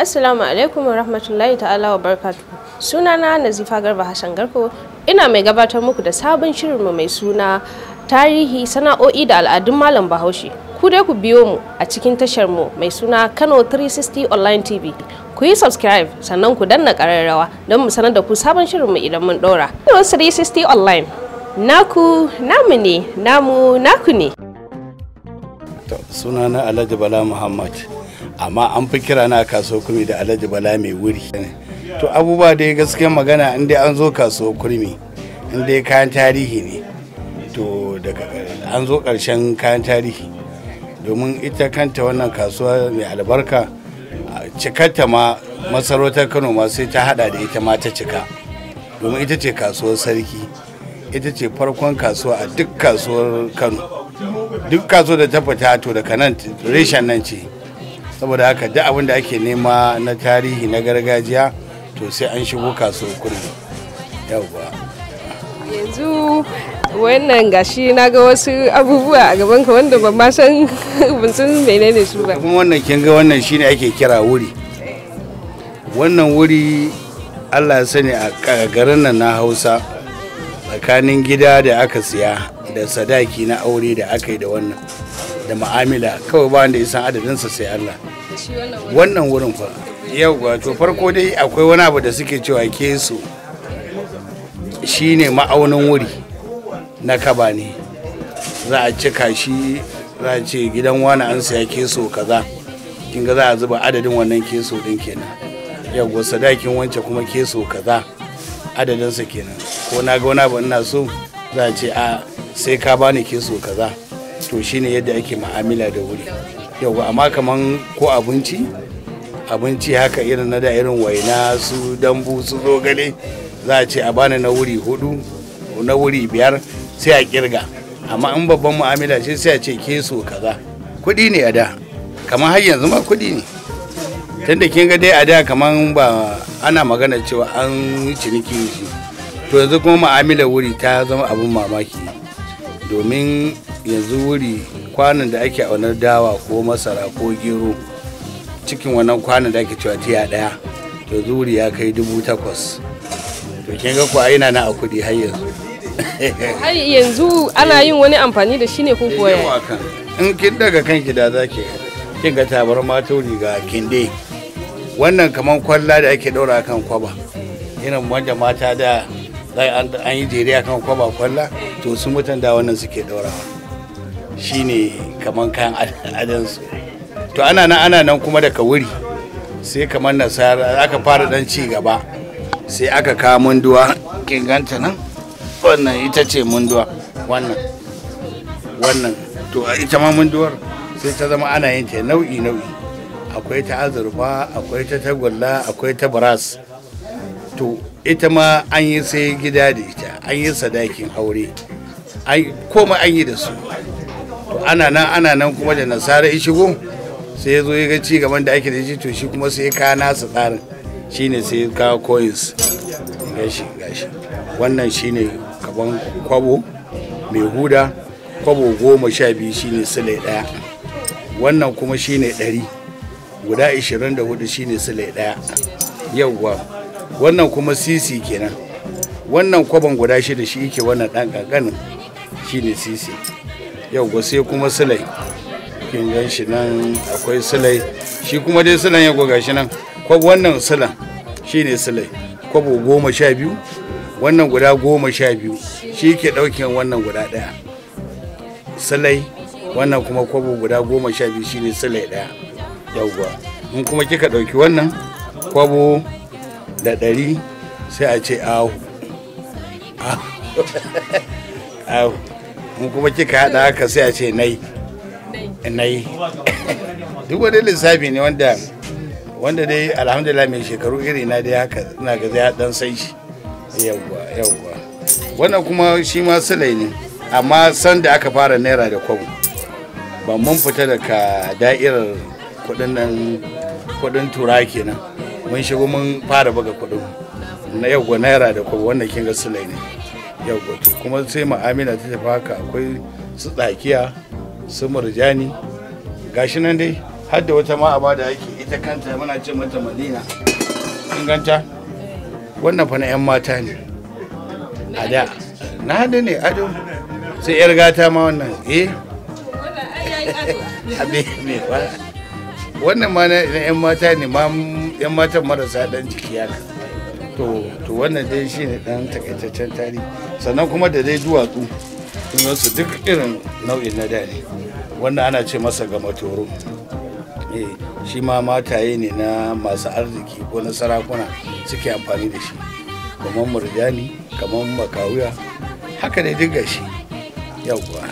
Assalamu alaikum wa rahmatullahi ta'ala wa barkatu Sunana Nazifa Garba Hassan Garko, ina mai gabatar muku da sabon shirinmu mai suna tarihi sana'o'i da al'adun Malam Bahaushe. Ku dai ku biyo mu a cikin tashar mu mai suna Kano 360 Online TV. Ku yi subscribe sannan ku danna ƙararrawa don mu sanar da ku sabon shirin mu idan mun ɗora. Kano 360 Online. Naku, namu ne, namu, naku ne. Sunana Alhaji Bala Muhammad. amma an fi kira na kaso kurmi da alhaji bala mai wuri to abubuwa dai gaske magana in dai an zo kaso kurmi in dai kayan tarihi ne to daga an zo karshen kayan tarihi domin ita kanta wannan kasuwa mai albarka cikarta ma masarautar kano ma sai ta hada da ita ma ta cika domin ita ce kasuwar sarki ita ce farkon kasuwa a duk kasuwar kano duk kasuwar da ta fita to daga nan reshen nan ce saboda haka duk abin da ake nema na tarihi na gargajiya to sai an shigo kasuwar kurmi yauwa yanzu wannan gashi na ga wasu abubuwa a gaban ka wanda ban ma san ban san menene su ba kuma wannan kin ga wannan shine ake kira wuri wannan wuri Allah ya sani a garin nan na Hausa tsakanin gida da aka siya da sadaki na aure da aka yi da wannan da ma'amila kawai ba wanda ya adadinsa sai Allah wannan wurin fa yau wato farko dai akwai wani abu da suke cewa kesu shine ma'aunin wuri na kaba ne za a cika shi za a ce gidan wani an saya keso kaza kin ga za a zuba adadin wannan keso din kenan yawwa sadakin wance kuma keso kaza adadinsa kenan ko na ga wani abu ina so za a ce a sai ka bani keso kaza to shine yadda ake ma'amila da wuri yauwa amma kaman ko abinci abinci haka irin na da irin waina su dambu su zogale za a ce a bani na wuri hudu na wuri biyar sai a kirga amma in babban mu'amala shi sai a ce keso kaza kuɗi ne a da kamar har yanzu ma kuɗi ne tunda kin ga dai a da kamar ba ana magana cewa an ciniki shi to yanzu kuma mu'amala wuri ta zama abun mamaki domin yanzu wuri kwanan da ake aunar dawa ko masara ko gero cikin wannan kwanan da ake cewa tiya daya to zuri ya kai dubu takwas to kin ga kuwa yana na a kudi har yanzu har yanzu ana yin wani amfani da shi ne ko kuwa in kin daga kan gida za ki kin ga tabar wuri ga kinde wannan kaman kwalla da ake daura kan kwaba irin wanda mata da sai an yi jere kan kwaba kwalla to su mutan da wannan suke daurawa shine kaman kayan adansu to ana nan ana nan kuma daga wuri sai kamar nasara aka fara dan ci gaba sai aka kawo munduwa ganta nan wannan ita ce munduwa wannan wannan to ita ma munduwar sai ta zama ana yin ta nau'i nau'i akwai ta azurfa akwai ta tagulla akwai ta brass to ita ma an yi sai gida da ita an yi sadakin aure komai an yi da su to ana nan ana nan kuma da nasara ya shigo sai ya zo ya ga ci gaban da ake da shi to shi kuma sai ya kawo nasa tsarin shine sai ya kawo coins gashi gashi wannan shine kaban kwabo mai huda kwabo goma sha biyu shine sulai daya wannan kuma shine dari guda 24 shine sulai daya yauwa wannan kuma sisi kenan wannan kwaban guda shi da shi yake wannan ɗan ƙanƙanin ne sisi yau sai kuma silai kin gan shi nan akwai silai shi kuma dai sulan ya goga shi nan kwab wannan shi ne silai kwabo goma sha biyu wannan guda goma sha biyu shi ke ɗaukin wannan guda ɗaya silai wannan kuma kwabo guda goma sha biyu shi ne silai ɗaya yauwa in kuma kika ɗauki wannan kwabo da ɗari sai a ce awo awo in kuma kika haɗa haka sai a ce nai nai duk wani lissafi ne wanda wanda dai alhamdulillah mai shekaru iri na dai haka ina ga zai dan san shi yawwa yawwa wannan kuma shi ma sulai ne amma san da aka fara naira da kwabo ba mun fita daga da'irar kudin nan kudin tura kenan mun shigo mun fara buga kuɗin na yau naira da kuma wannan kin ga sulai ne yau to kuma sai Amina ta tafi haka akwai su tsakiya su murjani gashi nan dai har da wata ma a da yake ita kanta muna ce mata madina kin ganta wannan fa na yan mata ne a da na hada ne ado sai yar gata ma wannan eh abin ne ba wannan ma na 'yan mata ne ma 'yan matan marasa dan jiki haka to to wannan dai shi ne dan takaitaccen tarihi sannan kuma da dai duwatsu sun su duk irin nau'in na da ne wannan ana ce masa ga matoro Eh shi ma mataye ne na masu arziki ko na sarakuna suke amfani da shi kamar murjani kamar makawuya haka ne duk gashi yauwa